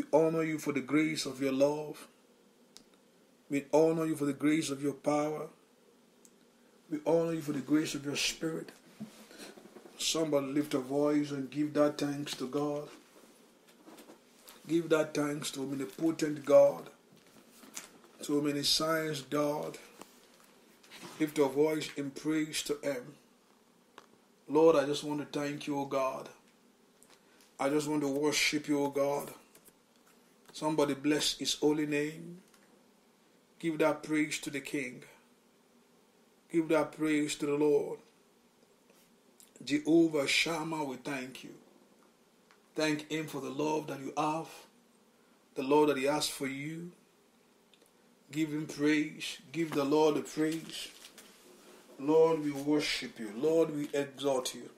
We honor you for the grace of your love. We honor you for the grace of your power. We honor you for the grace of your spirit. Somebody lift a voice and give that thanks to God. Give that thanks to omnipotent God, to signs, God. Lift a voice in praise to Him. Lord, I just want to thank you, O God. I just want to worship you, O God. Somebody bless his holy name. Give that praise to the King. Give that praise to the Lord. Jehovah Shammah, we thank you. Thank Him for the love that you have, the love that He has for you. Give Him praise. Give the Lord the praise. Lord, we worship you. Lord, we exalt you.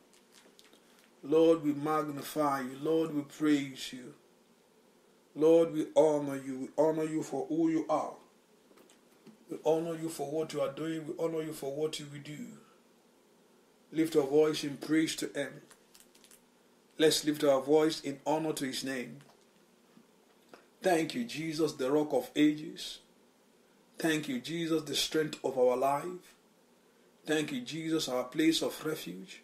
Lord, we magnify you. Lord, we praise you. Lord, we honor you. We honor you for who you are. We honor you for what you are doing. We honor you for what you will do. Lift our voice in praise to Him. Let's lift our voice in honor to His name. Thank you, Jesus, the rock of ages. Thank you, Jesus, the strength of our life. Thank you, Jesus, our place of refuge.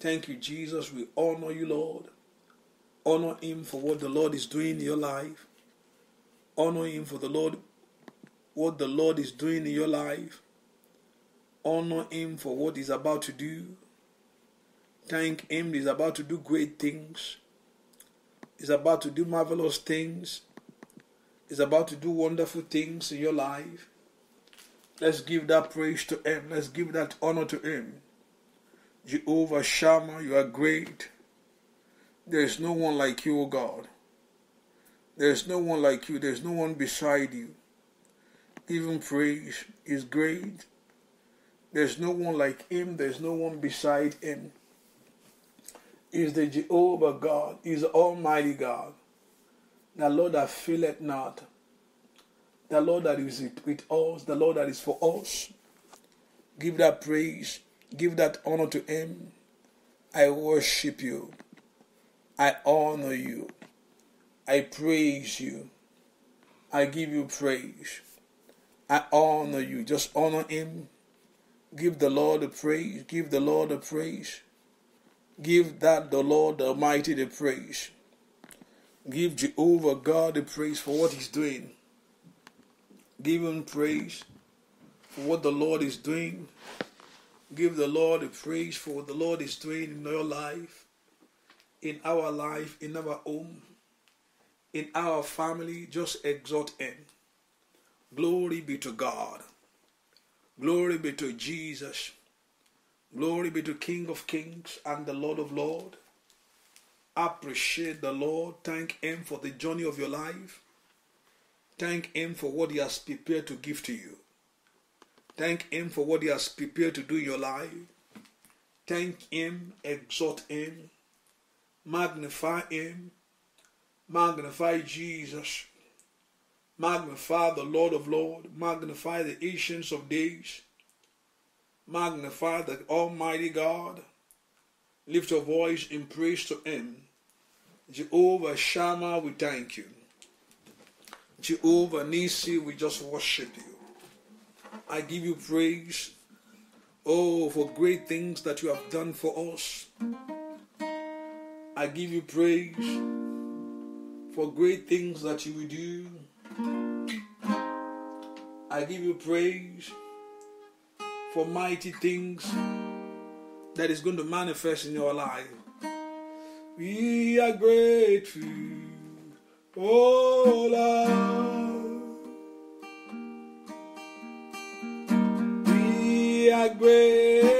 Thank you, Jesus. We honor you, Lord. Honor Him for what the Lord is doing in your life. Honor Him for the Lord, what the Lord is doing in your life. Honor Him for what He's about to do. Thank Him, He's about to do great things. He's about to do marvelous things. He's about to do wonderful things in your life. Let's give that praise to Him. Let's give that honor to Him. Jehovah Shammah, you are great. There's no one like you, O God. There's no one like you. There's no one beside you. Even praise is great. There's no one like him. There's no one beside him. Is the Jehovah God, is Almighty God. The Lord that filleth not. The Lord that is with us. The Lord that is for us. Give that praise. Give that honor to him. I worship you. I honor you. I praise you. I give you praise. I honor you. Just honor him. Give the Lord a praise. Give the Lord a praise. Give that the Lord the Almighty the praise. Give Jehovah God the praise for what he's doing. Give him praise for what the Lord is doing. Give the Lord the praise for what the Lord is doing in your life in our life, in our home, in our family, just exalt Him. Glory be to God. Glory be to Jesus. Glory be to King of Kings and the Lord of Lords. Appreciate the Lord. Thank Him for the journey of your life. Thank Him for what He has prepared to give to you. Thank Him for what He has prepared to do in your life. Thank Him, exhort Him, Magnify Him. Magnify Jesus. Magnify the Lord of Lords. Magnify the Ancients of Days. Magnify the Almighty God. Lift your voice in praise to Him. Jehovah Shammah, we thank you. Jehovah Nisi, we just worship you. I give you praise. Oh, for great things that you have done for us. I give you praise for great things that you will do. I give you praise for mighty things that is going to manifest in your life. We are grateful, oh Lord. We are grateful.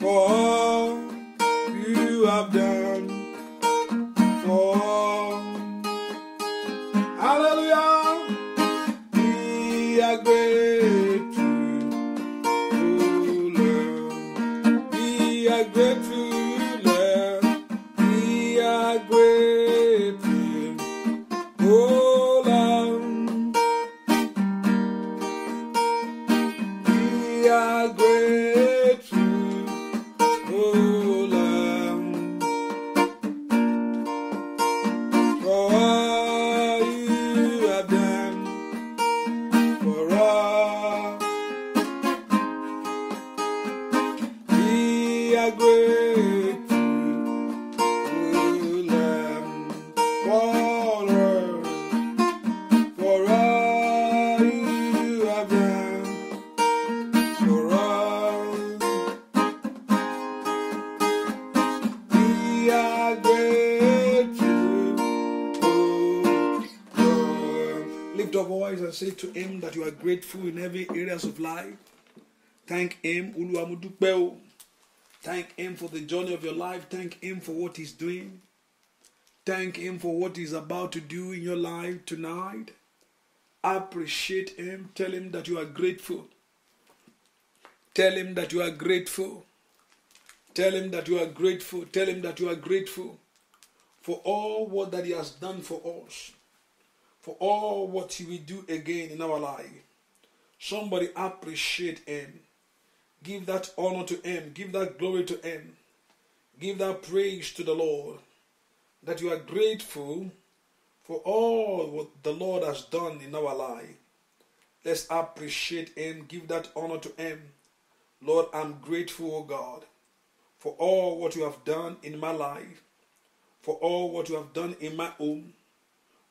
for all you have done. lift your voice and say to Him that you are grateful in every areas of life. Thank Him, Thank Him for the journey of your life. Thank Him for what He's doing. Thank Him for what He's about to do in your life tonight. Appreciate Him. Tell Him that you are grateful. Tell Him that you are grateful. Tell Him that you are grateful. Tell Him that you are grateful for all what that He has done for us for all what he will do again in our life. Somebody appreciate him. Give that honor to him. Give that glory to him. Give that praise to the Lord. That you are grateful for all what the Lord has done in our life. Let's appreciate him. Give that honor to him. Lord, I'm grateful, O God, for all what you have done in my life, for all what you have done in my home,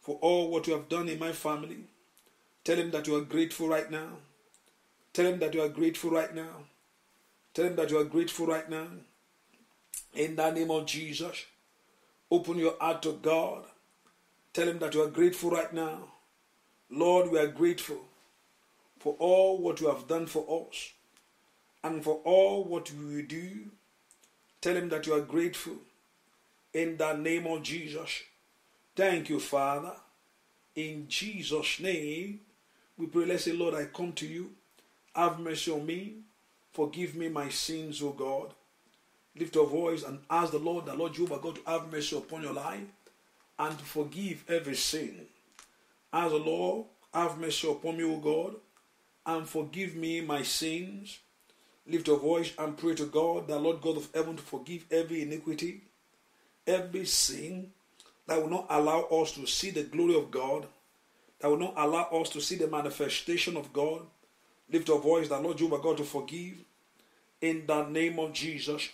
for all what you have done in my family. Tell him that you are grateful right now. Tell him that you are grateful right now. Tell him that you are grateful right now. In the name of Jesus, open your heart to God. Tell him that you are grateful right now. Lord, we are grateful for all what you have done for us and for all what you will do. Tell him that you are grateful in the name of Jesus. Thank you, Father. In Jesus' name, we pray, let's say, Lord, I come to you. Have mercy on me. Forgive me my sins, O God. Lift your voice and ask the Lord, the Lord Jehovah God, to have mercy upon your life and to forgive every sin. As the Lord, have mercy upon me, O God, and forgive me my sins. Lift your voice and pray to God, the Lord God of heaven, to forgive every iniquity, every sin, that will not allow us to see the glory of God, that will not allow us to see the manifestation of God. Lift your voice that Lord, you are God to forgive. In the name of Jesus.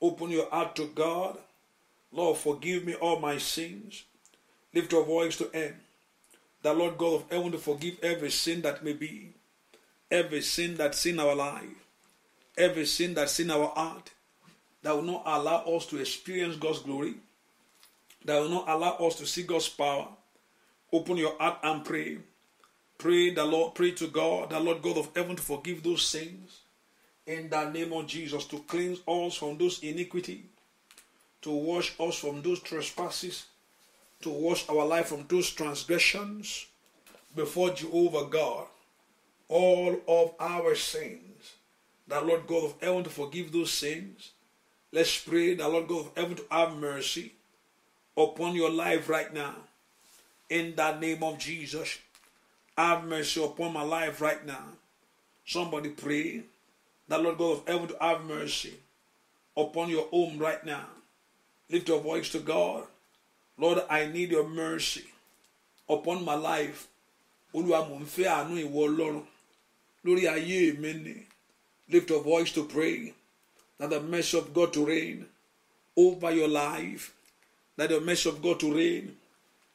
Open your heart to God. Lord, forgive me all my sins. Lift your voice to Him. The Lord God of heaven to forgive every sin that may be, every sin that's in our life, every sin that's in our heart, that will not allow us to experience God's glory, that will not allow us to see God's power. Open your heart and pray. Pray the Lord, pray to God, the Lord God of heaven to forgive those sins in the name of Jesus, to cleanse us from those iniquity, to wash us from those trespasses, to wash our life from those transgressions before Jehovah God. All of our sins. The Lord God of heaven to forgive those sins Let's pray the Lord God of heaven to have mercy upon your life right now. In the name of Jesus, have mercy upon my life right now. Somebody pray that Lord God of heaven to have mercy upon your home right now. Lift your voice to God. Lord, I need your mercy upon my life. Olúwa mò ń fẹ́ àánú ìwọ Ọlọ́run lórí ayé Lift your voice to pray that the mercy of God to reign over your life, that the mercy of God to reign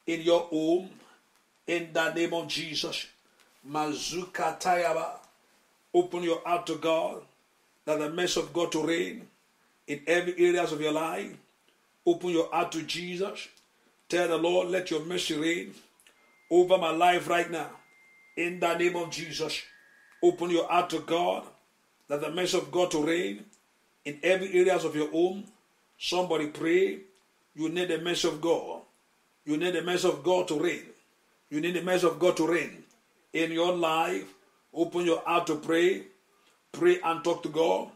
in your home, in the name of Jesus. Mazuka Tayaba. Open your heart to God, that the mercy of God to reign in every areas of your life. Open your heart to Jesus. Tell the Lord, let your mercy reign over my life right now. In the name of Jesus. Open your heart to God, that the mercy of God to reign in every areas of your home. Somebody pray. You need the mercy of God. You need the mercy of God to reign. You need the mercy of God to reign in your life. Open your heart to pray. Pray and talk to God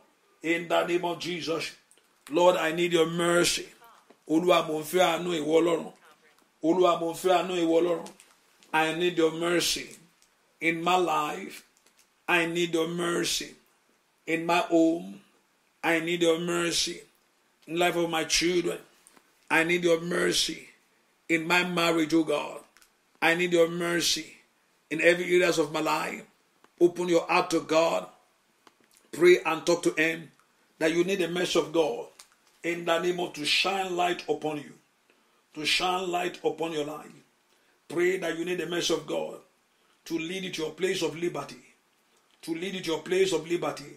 in the name of Jesus. Lord, I need your mercy. I need your mercy in my life. I need your mercy in my home. I need your mercy in life of my children. I need your mercy in my marriage, oh God. I need your mercy in every areas of my life. Open your heart to God. Pray and talk to Him that you need the mercy of God in the name of to shine light upon you, to shine light upon your life. Pray that you need the mercy of God to lead you to your place of liberty, to lead you to your place of liberty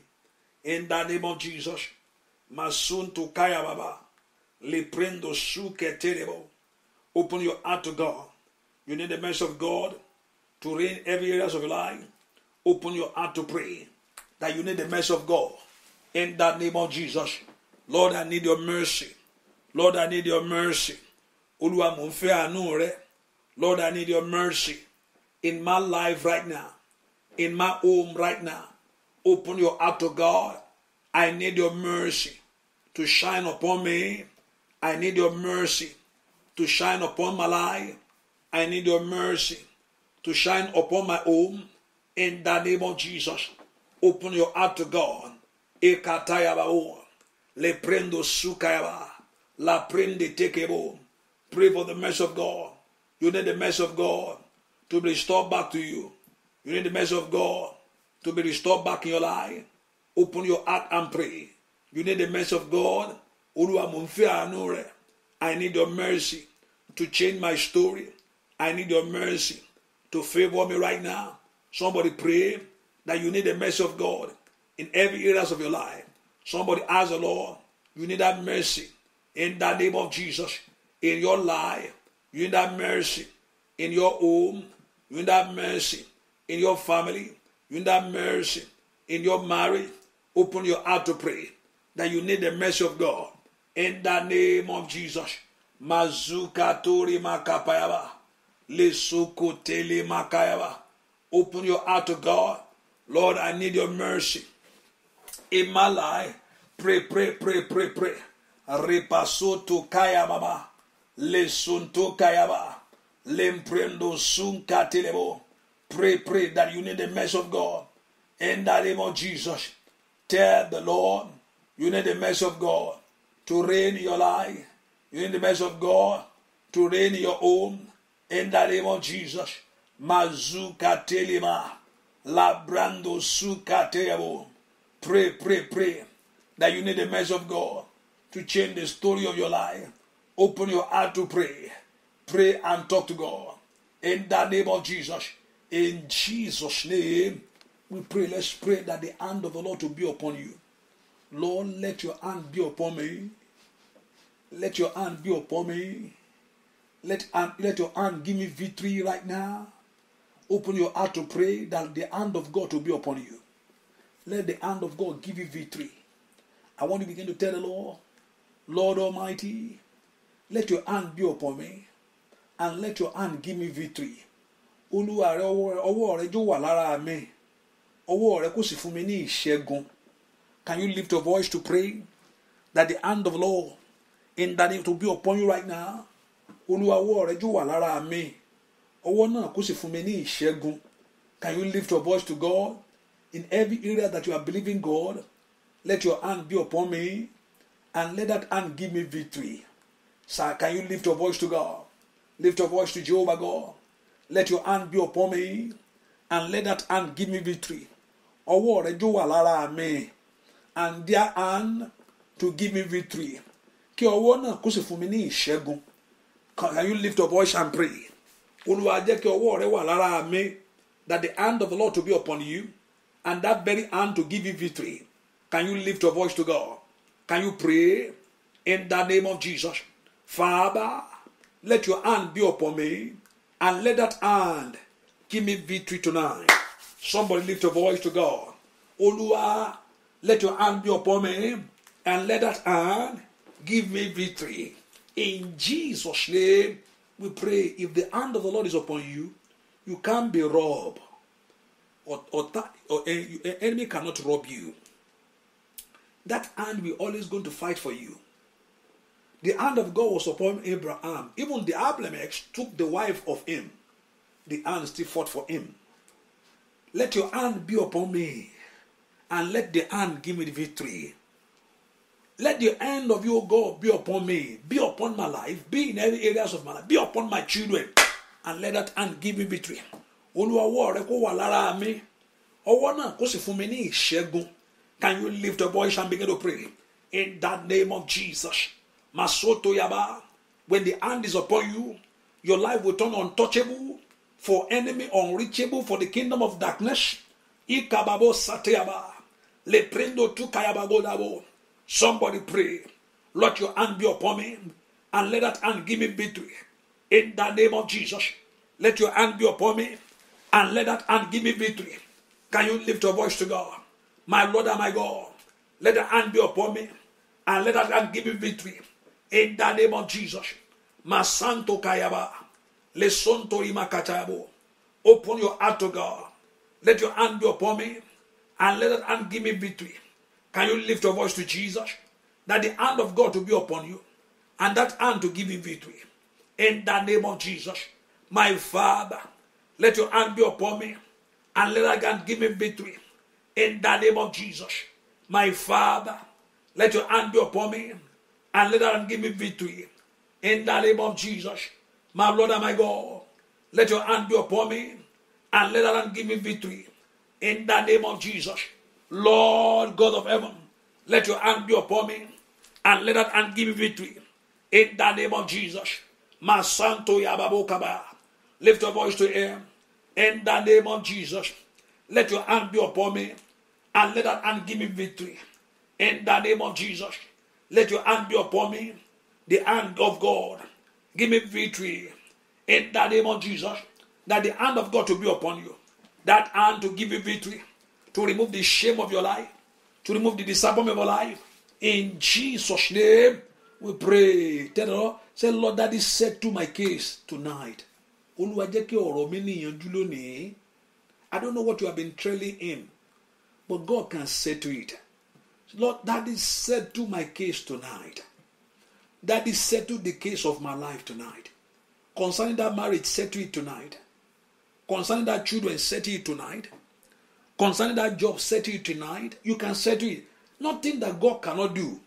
in the name of Jesus, to Kaya Baba, Leprendo Suke Terebo. Open your heart to God. You need the mercy of God to reign every area of your life. Open your heart to pray that you need the mercy of God. In the name of Jesus, Lord, I need your mercy. Lord, I need your mercy. Olúwa mò Lord, I need your mercy in my life right now, in my home right now. Open your heart to God. I need your mercy to shine upon me. I need your mercy to shine upon my life. I need your mercy to shine upon my home. In the name of Jesus, open your heart to God. Ekatayabao. Le prendo sukayaba. La prende tekebo. Pray for the mercy of God. You need the mercy of God to be restored back to you. You need the mercy of God to be restored back in your life, open your heart and pray. You need the mercy of God. I need your mercy to change my story. I need your mercy to favor me right now. Somebody pray that you need the mercy of God in every areas of your life. Somebody ask the Lord, you need that mercy in the name of Jesus in your life. You need that mercy in your home. You need that mercy in your family you need that mercy in your marriage, open your heart to pray that you need the mercy of God. In the name of Jesus. Mazuka tori makapayaba. Lesuku tele makayaba. Open your heart to God. Lord, I need your mercy. In my life, pray, pray, pray, pray, pray. Repaso to kaya baba. Lesunto kayaba. Lemprendo sun Pray, pray that you need the mercy of God. In the name of Jesus, tell the Lord you need the mercy of God to reign in your life. You need the mercy of God to reign in your home. In the name of Jesus, Mazuka Telema, Labrando Sukatebo. Pray, pray, pray that you need the mercy of God to change the story of your life. Open your heart to pray. Pray and talk to God. In the name of Jesus. In Jesus' name, we pray. Let's pray that the hand of the Lord to be upon you. Lord, let your hand be upon me. Let your hand be upon me. Let, let your hand give me victory right now. Open your heart to pray that the hand of God will be upon you. Let the hand of God give you victory. I want to begin to tell the Lord, Lord Almighty, let your hand be upon me and let your hand give me victory olúwa rẹ ọwọ́ rẹ jó wà lára mi ọwọ́ rẹ kò sì fún mi ní ìṣẹ́gun can you lift your voice to pray that the hand of Lord in that it will be upon you right now olúwa ọwọ́ rẹ jó wà lára mi ọwọ́ náà kò sì fún mi ní ìṣẹ́gun can you lift your voice to God in every area that you are believing God let your hand be upon me and let that hand give me victory. Sir, can you lift your voice to God? Lift your voice to Jehovah God let your hand be upon me and let that hand give me victory ọwọ́ rẹ jó wà lára mi and their hand to give me victory kí ọwọ́ náà kó sì fún mi ní ìṣẹ́gun can you lift your voice and pray olúwa jẹ́ kí ọwọ́ rẹ wà lára mi that the hand of the Lord to be upon you and that very hand to give you victory can you lift your voice to God can you pray in the name of Jesus Father let your hand be upon me. and let that hand give me victory tonight. Somebody lift your voice to God. Olua, let your hand be upon me and let that hand give me victory. In Jesus' name, we pray. If the hand of the Lord is upon you, you can't be robbed. Or, or, or eh, or eh, enemy cannot rob you. That hand will always going to fight for you. The hand of God was upon Abraham. Even the Abimelech took the wife of him. The hand still fought for him. Let your hand be upon me, and let the hand give me the victory. Let the hand of your God be upon me, be upon my life, be in every areas of my life, be upon my children, and let that hand give me victory. Olúwàwọ̀ rẹ kó wà lára mi, ọwọ́ náà kó Can you lift your voice and begin to pray? In that name of Jesus. Masoto Yaba, when the hand is upon you, your life will turn untouchable, for enemy unreachable, for the kingdom of darkness. Ikababo Satayaba. Leprendo Tukayabagodabo. Somebody pray. Let your hand be upon me and let that hand give me victory. In the name of Jesus, let your hand be upon me and let that hand give me victory. Can you lift your voice to God? My Lord and my God, let the hand be upon me and let that hand give me victory. In the name of Jesus. Masanto Kayaba. Lesonto imakatayabo. Open your heart to God. Let your hand be upon me. And let that hand give me victory. Can you lift your voice to Jesus? That the hand of God to be upon you. And that hand to give you victory. In the name of Jesus. My Father. Let your hand be upon me. And let that hand give me victory. In the name of Jesus. My Father. Let your hand be upon me and let that give me victory. In the name of Jesus, my Lord and my God, let your hand be upon me and let that give me victory. In the name of Jesus, Lord God of heaven, let your hand be upon me and let that hand give me victory. In the name of Jesus, my Santo Yababokaba, lift your voice to him. In the name of Jesus, let your hand be upon me and let that hand give me victory. In the name of Jesus. Let your hand be upon me, the hand of God. Give me victory in the name of Jesus. That the hand of God to be upon you. That hand to give you victory, to remove the shame of your life, to remove the disappointment of your life. In Jesus' name, we pray. Tell the Lord, say, Lord, that is set to my case tonight. I don't know what you have been trailing in, but God can to it. Lord, that is Daddy, to my case tonight. That is Daddy, to the case of my life tonight. Concerning that marriage, settle it tonight. Concerning that children, settle it tonight. Concerning that job, settle it tonight. You can settle it. Nothing that God cannot do.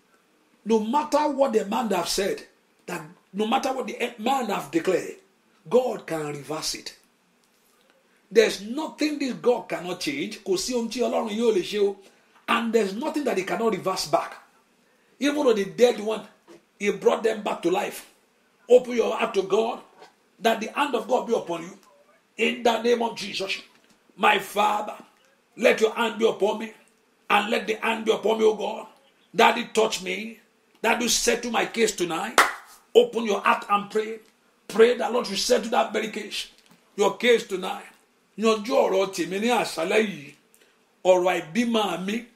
No matter what the man have said, that no matter what the man have declared, God can reverse it. There's nothing this God cannot change. Kò sí ohun tí Ọlọ́run yóò And there's nothing that he cannot reverse back. Even though the dead one, he brought them back to life. Open your heart to God, that the hand of God be upon you. In the name of Jesus, my Father, let your hand be upon me, and let the hand be upon me, O God, that it touch me, that you settle my case tonight. Open your heart and pray. Pray that Lord you settle that very case, your case tonight. yanjú ọ̀rọ̀ tèmi ní àṣálẹ́ yìí bima àìbímọ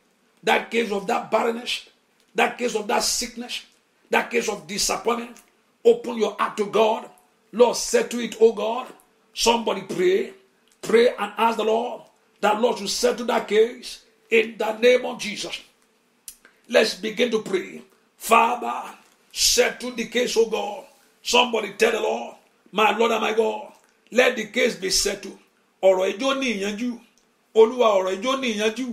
that case of that barrenness, that case of that sickness, that case of disappointment, open your heart to God. Lord, settle it, oh God. Somebody pray. Pray and ask the Lord that Lord should settle that case in the name of Jesus. Let's begin to pray. Father, settle the case, oh God. Somebody tell the Lord, my Lord and my God, let the case be settled. Olúwa ọ̀rọ̀ ẹjọ́ ní ìyanjú.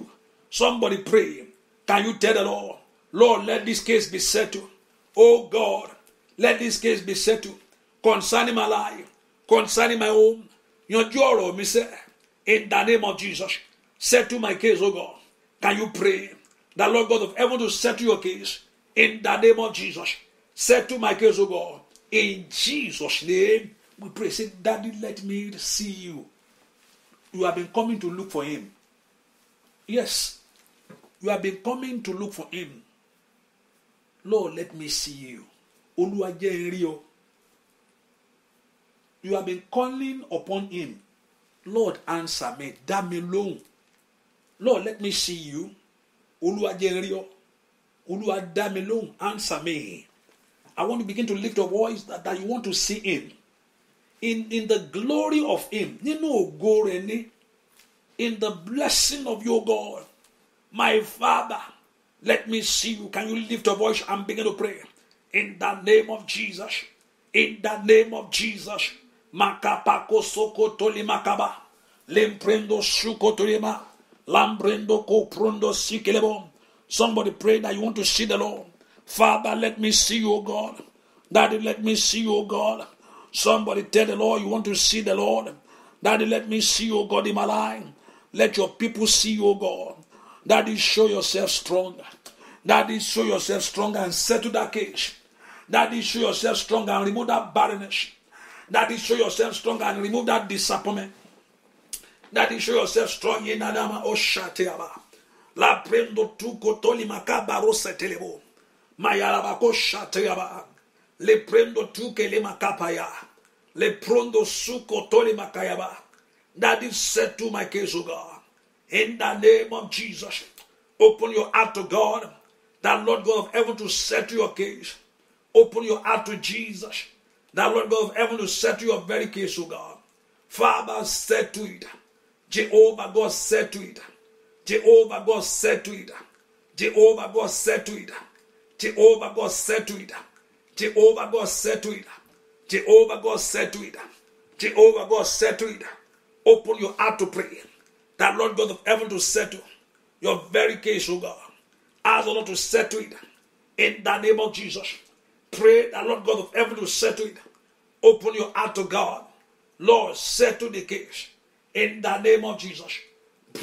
Somebody pray. Can you tell the Lord, Lord, let this case be settled? Oh God, let this case be settled concerning my life, concerning my home. your ọ̀rọ̀ mi in the name of Jesus, settle my case, oh God. Can you pray The Lord God of heaven to settle your case in the name of Jesus? Settle my case, oh God. In Jesus' name, we pray. Say, Daddy, let me see you. You have been coming to look for him. Yes, you have been coming to look for him. Lord, let me see you. Olúwa jẹ́ You have been calling upon him. Lord, answer me. Dá Lord, let me see you. Olúwa jẹ́ n Answer me. I want to begin to lift your voice that, that you want to see him. In, in the glory of him. You know, go, ni in the blessing of your God. My Father, let me see you. Can you lift your voice and begin to pray? In the name of Jesus. In the name of Jesus. Makapako makaba. Lemprendo Lambrendo Somebody pray that you want to see the Lord. Father, let me see you, God. Daddy, let me see you, God. Somebody tell the Lord you want to see the Lord. Daddy, let me see you, God, in my life. Let your people see you, O God. That is, show yourself strong. That is, show yourself strong and settle that cage. That is, show yourself strong and remove that barrenness. That is, show yourself strong and remove that disappointment. That is, show yourself strong in Adama Oshateaba. La prendo tu cotoli macabaro setelebo. Mayalabako shateaba. Le prendo tu que le macapaya. Le prendo su cotoli macayaba that is said to my case, O oh God. In the name of Jesus, open your heart to God, that Lord God of heaven to set your case. Open your heart to Jesus, that Lord God of heaven to set your very case, O oh God. Father, set to it. Jehovah God said to it. Jehovah God said to it. Jehovah God said to it. Jehovah God said to it. Jehovah God said to it. Jehovah God said to it. Jehovah God said to it. Open your heart to pray. That Lord God of heaven to settle your very case, oh God. Ask the Lord to settle it in the name of Jesus. Pray that Lord God of heaven to settle it. Open your heart to God. Lord, settle the case in the name of Jesus.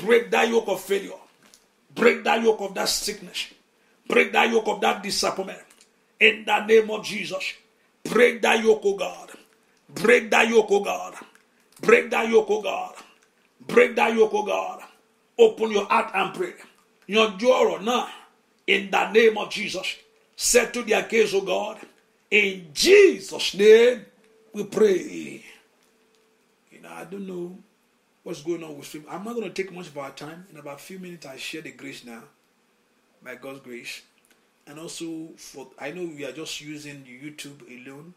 Break that yoke of failure. Break that yoke of that sickness. Break that yoke of that disappointment. In the name of Jesus. Break that yoke, oh God. Break that yoke, oh God. Break that yoke, oh God. Break that yoke, oh God. Open your heart and pray. Your door oh, now, in the name of Jesus, set to their case, oh God. In Jesus' name, we pray. You know, I don't know what's going on with stream. I'm not going to take much of our time. In about a few minutes, I share the grace now, by God's grace. And also, for I know we are just using YouTube alone.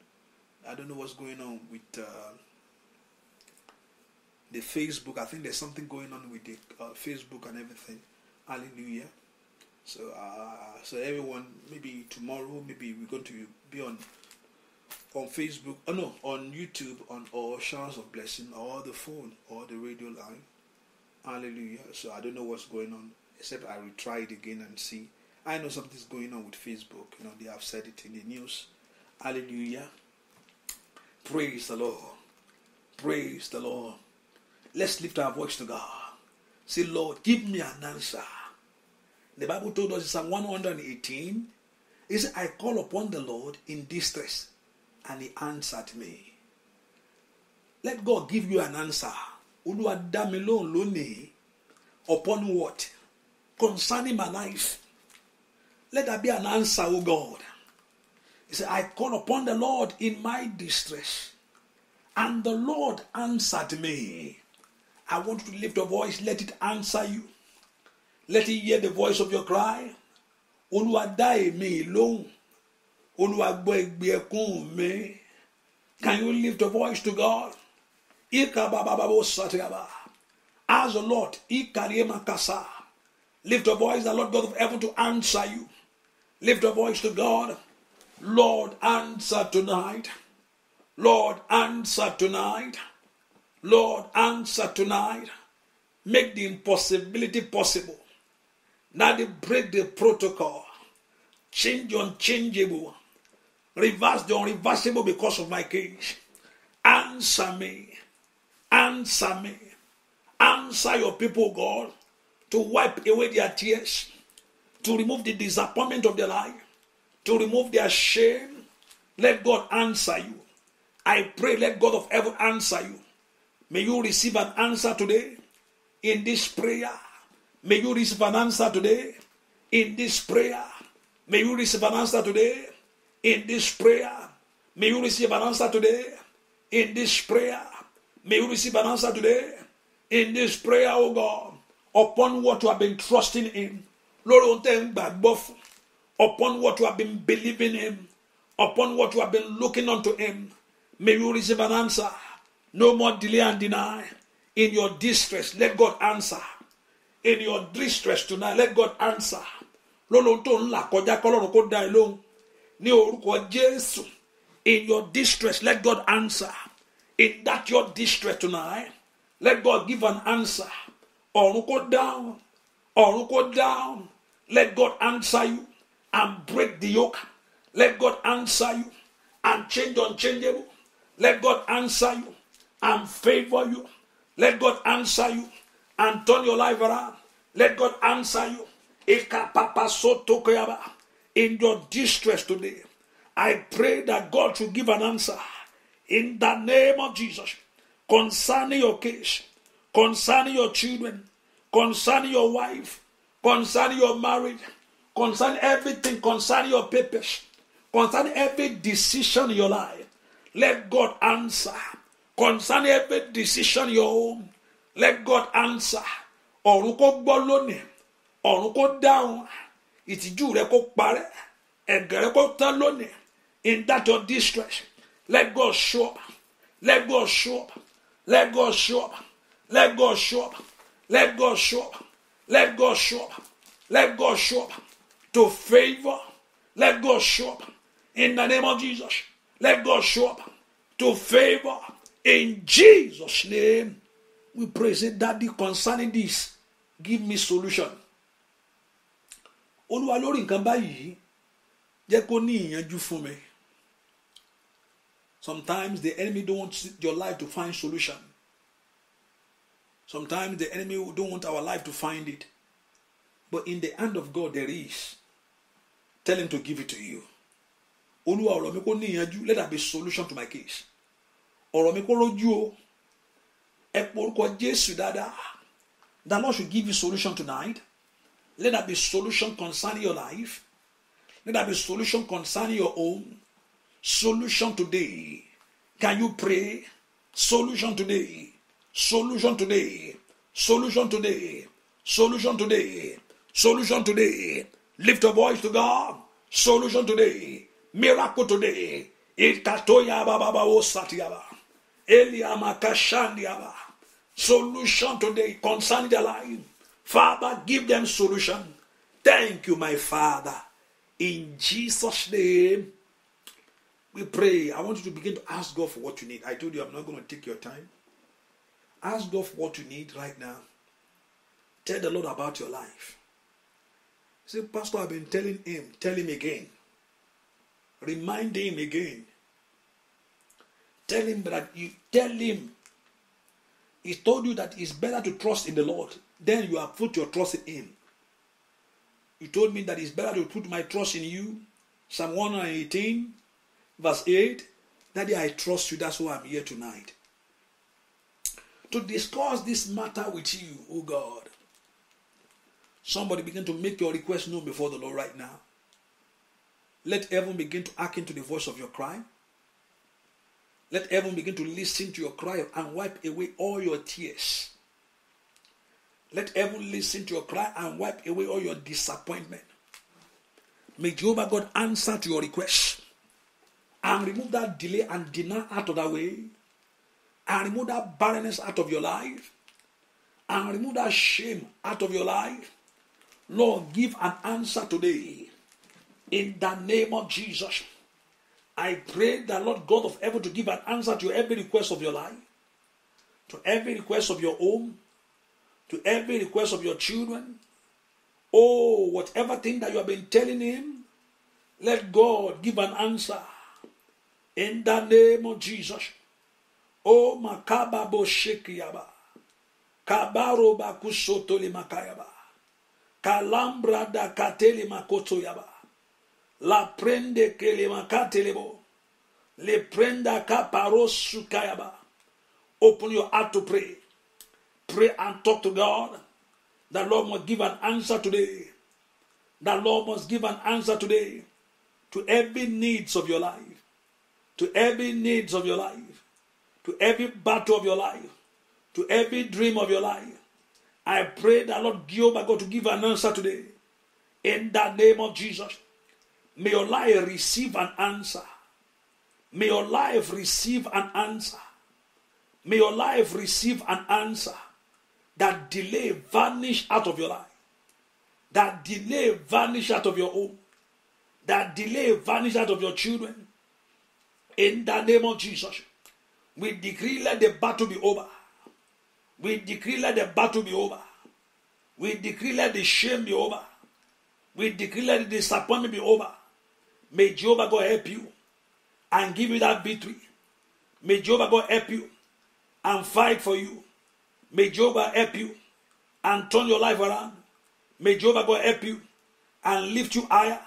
I don't know what's going on with. Uh, the Facebook. I think there's something going on with the uh, Facebook and everything. Hallelujah. So, uh, so everyone, maybe tomorrow, maybe we're going to be on on Facebook. Oh no, on YouTube, on all Showers of Blessing, or the phone, or the radio line. Hallelujah. So I don't know what's going on, except I will try it again and see. I know something's going on with Facebook. You know, they have said it in the news. Hallelujah. Praise the Lord. Praise the Lord. Let's lift our voice to God. Say, Lord, give me an answer. The Bible told us in Psalm 118, it said, I call upon the Lord in distress, and he answered me. Let God give you an answer. Upon what? Concerning my life. Let there be an answer, O God. He said, I call upon the Lord in my distress, and the Lord answered me. I want you to lift your voice. Let it answer you. Let it hear the voice of your cry. Olúwa die me lóhùn. Olúwa gbọ́ ẹgbẹ́ Can you lift your voice to God? As the Lord, lift your voice, the Lord God of heaven, to answer you. Lift your voice to God. Lord, answer tonight. Lord, answer tonight. Lord, answer tonight. Make the impossibility possible. Now they break the protocol. Change the unchangeable. Reverse the irreversible because of my case. Answer me. Answer me. Answer your people, God, to wipe away their tears, to remove the disappointment of their life, to remove their shame. Let God answer you. I pray, let God of heaven answer you. May you receive an answer today in this prayer. May you receive an answer today in this prayer. May you receive an answer today in this prayer. May you receive an answer today in this prayer. May you receive an answer today in this prayer, O God, upon what you have been trusting in. Lord, on them above, upon what you have been believing in, upon what you have been looking unto Him. May you receive an answer. No more delay and deny. In your distress, let God answer. In your distress tonight, let God answer. Lọ́lọ́run tó là kọjá Ní orúkọ In your distress, let God answer. In that your distress tonight, let God give an answer. Ọ̀run down, dáhùn. down. Let God answer you and break the yoke. Let God answer you and change unchangeable. Let God answer you and favor you. Let God answer you and turn your life around. Let God answer you. In your distress today, I pray that God should give an answer in the name of Jesus concerning your case, concerning your children, concerning your wife, concerning your marriage, concerning everything, concerning your papers, concerning every decision in your life. Let God answer concerning every decision your own let God answer ọ̀run kó gbọ́ lónìí ọ̀run kó dáhùn ìtìjú rẹ kó parẹ́ ẹ̀gẹ̀ rẹ kó tán lónìí in that your distress let God show up let God show up let God show up let God show up let God show up let God show up let God show up to favor let God show up in the name of Jesus let God show up to favor. In Jesus' name, we pray. Say, Daddy, concerning this, give me solution. Oluwa lórí nǹkan báyìí jẹ́ kó ní ìyanjú fún mi. Sometimes the enemy don't want your life to find solution. Sometimes the enemy don't want our life to find it. But in the hand of God there is. Tell him to give it to you. Oluwa, ọ̀rọ̀ mi kò ní ìyanjú. Let there be solution to my case ọ̀rọ̀ mi kó rójú o ẹ pe orúkọ Jésù dáadáa the Lord should give you solution tonight let that be solution concerning your life let that be solution concerning your home solution today can you pray solution today solution today solution today solution today solution today lift your voice to God solution today miracle today. Itatoya baba bawo satiyaba. Solution today concerning their life. Father, give them solution. Thank you, my Father. In Jesus' name, we pray. I want you to begin to ask God for what you need. I told you I'm not going to take your time. Ask God for what you need right now. Tell the Lord about your life. See, Pastor, I've been telling him, tell him again. Remind him again Tell him that you tell him. He told you that it's better to trust in the Lord. Then you have put your trust in him. You told me that it's better to put my trust in you. Psalm 118, verse 8. Daddy, I trust you. That's why I'm here tonight. To discuss this matter with you, oh God. Somebody begin to make your request known before the Lord right now. Let heaven begin to act into the voice of your cry. Let heaven begin to listen to your cry and wipe away all your tears. Let heaven listen to your cry and wipe away all your disappointment. May Jehovah God answer to your request and remove that delay and deny out of the way and remove that barrenness out of your life and remove that shame out of your life. Lord, give an answer today in the name of Jesus. I pray the Lord God of heaven to give an answer to every request of your life, to every request of your home, to every request of your children. Oh, whatever thing that you have been telling Him, let God give an answer in the name of Jesus. Oh, makaba boshekiyaba, kabaro bakusotole makayaba, kalambra da katele makotoyaba. La prende que le Le prenda kaparosu kayaba. Open your heart to pray. Pray and talk to God. The Lord must give an answer today. The Lord must give an answer today to every needs of your life. To every needs of your life. To every battle of your life. To every dream of your life. I pray that Lord Jehovah God to give an answer today. In the name of Jesus. May your life receive an answer. May your life receive an answer. May your life receive an answer. That delay vanish out of your life. That delay vanish out of your home. That delay vanish out of your children. In the name of Jesus, we decree let the battle be over. We decree let the battle be over. We decree let the shame be over. We decree let the disappointment be over. May Jehovah God help you and give you that victory. May Jehovah God help you and fight for you. May Jehovah help you and turn your life around. May Jehovah God help you and lift you higher.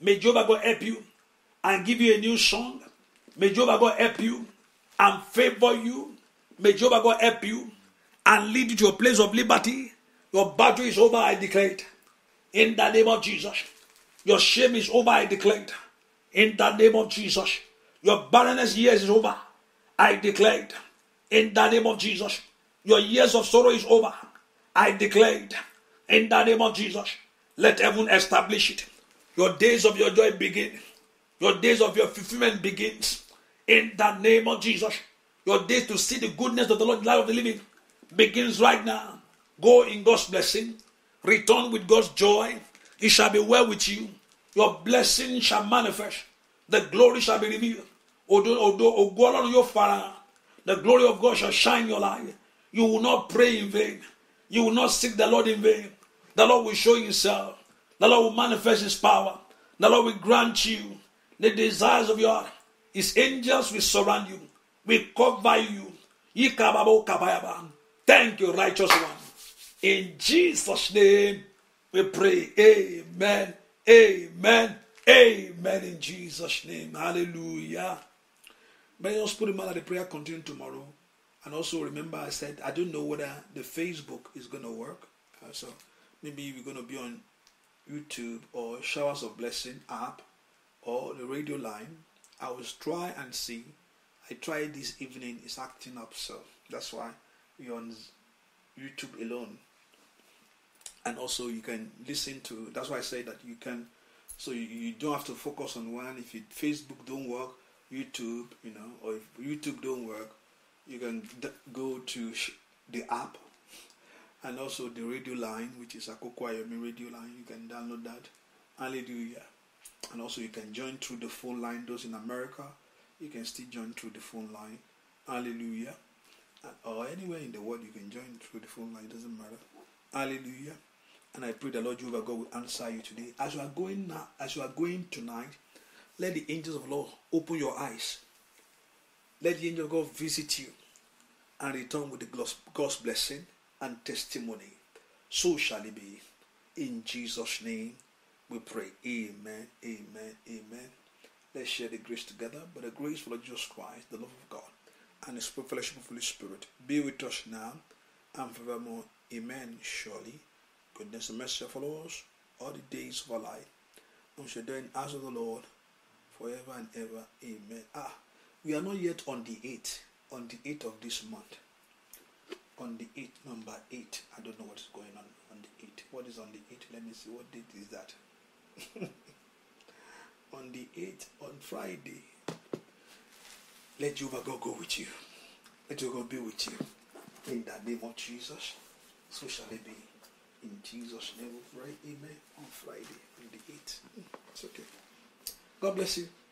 May Jehovah God help you and give you a new song. May Jehovah God help you and favor you. May Jehovah God help you and lead you to a place of liberty. Your battle is over, I declare it. In the name of Jesus. Your shame is over, I declared. In the name of Jesus. Your barrenness years is over. I declared. In the name of Jesus. Your years of sorrow is over. I declared. In the name of Jesus. Let heaven establish it. Your days of your joy begin. Your days of your fulfillment begins. In the name of Jesus. Your days to see the goodness of the Lord, the life of the living, begins right now. Go in God's blessing. Return with God's joy. It shall be well with you. Your blessing shall manifest. The glory shall be revealed. Although, although, ògo Ọlọ́run yóò farahàn. The glory of God shall shine in your life. You will not pray in vain. You will not seek the Lord in vain. The Lord will show Himself. The Lord will manifest His power. The Lord will grant you the desires of your heart. His angels will surround you, will cover you. Thank you, righteous one. In Jesus' name. We pray, Amen, Amen, Amen, in Jesus' name. Hallelujah. May us put him out at the prayer continue tomorrow. And also remember, I said, I don't know whether the Facebook is going to work. Uh, so maybe we're going to be on YouTube or Showers of Blessing app or the radio line. I will try and see. I tried this evening, it's acting up, so that's why we're on YouTube alone and also you can listen to that's why i say that you can so you, you don't have to focus on one if you, facebook don't work youtube you know or if youtube don't work you can d- go to sh- the app and also the radio line which is akokoayomi radio line you can download that hallelujah and also you can join through the phone line those in america you can still join through the phone line hallelujah uh, or anywhere in the world you can join through the phone line it doesn't matter hallelujah and I pray the Lord Jehovah God will answer you today. As you are going now, as you are going tonight, let the angels of the Lord open your eyes. Let the angel of God visit you and return with the God's blessing and testimony. So shall it be. In Jesus' name we pray. Amen. Amen. Amen. Let's share the grace together. But the grace of Lord Jesus Christ, the love of God, and the fellowship of the Holy Spirit be with us now and forevermore. Amen. Surely goodness and mercy shall follow us all the days of our life. we shall dwell in the house of the Lord forever and ever. Amen. Ah, we are not yet on the 8th, on the 8th of this month. On the 8th, number 8. I don't know what is going on on the 8th. What is on the 8th? Let me see. What date is that? on the 8th, on Friday. Let Jehovah God go with you. Let your God be with you. In the name of Jesus, so shall it be. In Jesus' name we pray. Amen. On Friday, on the 8th. It's okay. God bless you.